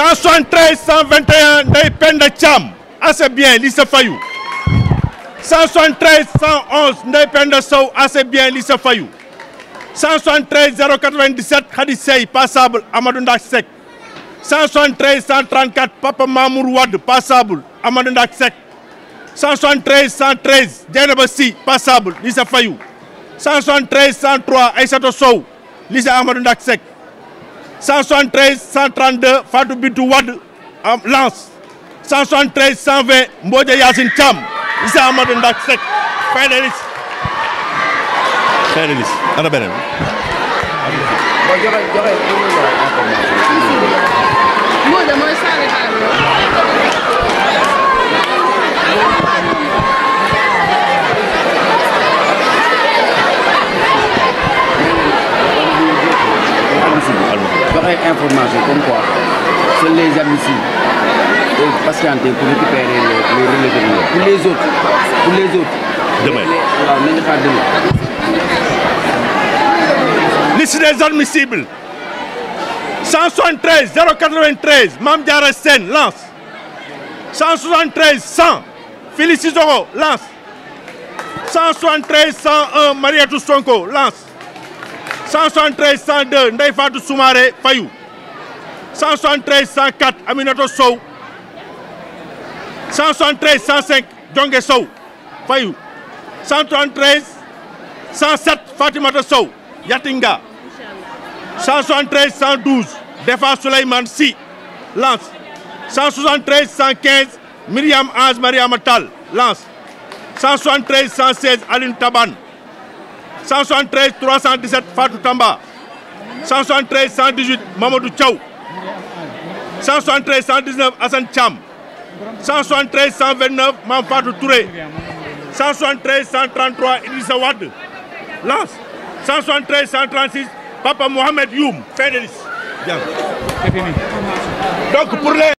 173 121 Ndeye de cham assez bien Lissa Fayou 173 111 Ndeye de Sow assez bien Lissa Fayou 173 097 Hadisei, passable Amadou Ndak 173 134 Papa Mamour passable Amadou Ndak 173 113 Dieynaba passable Lissa Fayou 173 103 Aïssato Sow Lissa Amadou 173 132 Fatou Bintou Wade en euh, lance 173 120 Mbodja Yacine Thiam Issa Amadou Ndak Seck beneen information comme quoi c'est les admissibles et patienter pour récupérer les, les Pour les autres, pour les autres, demain. Liste des admissibles. 173 093 Mam Sen lance. 173 100 Félicie lance. 173 101 Maria Sonko lance. 173 102 Ndeye Fadou Soumaré Fayou. 173 104 Aminata Sow 173 105 Jonge Sow Fayu 173 107 Fatimata Sow Yatinga 173 112 Defa Souleymane Sy Lance 173 115 Myriam Ange Mariama Tall Lance 173 116 Aline Taban 173 317 Fatou Tamba 173 118 Mamadou Thiaw 173 119 Hassan Cham. 173 129 Mampado Touré 173 133 Elisa Wade Lance 173 136 Papa Mohamed Youm fin Donc pour les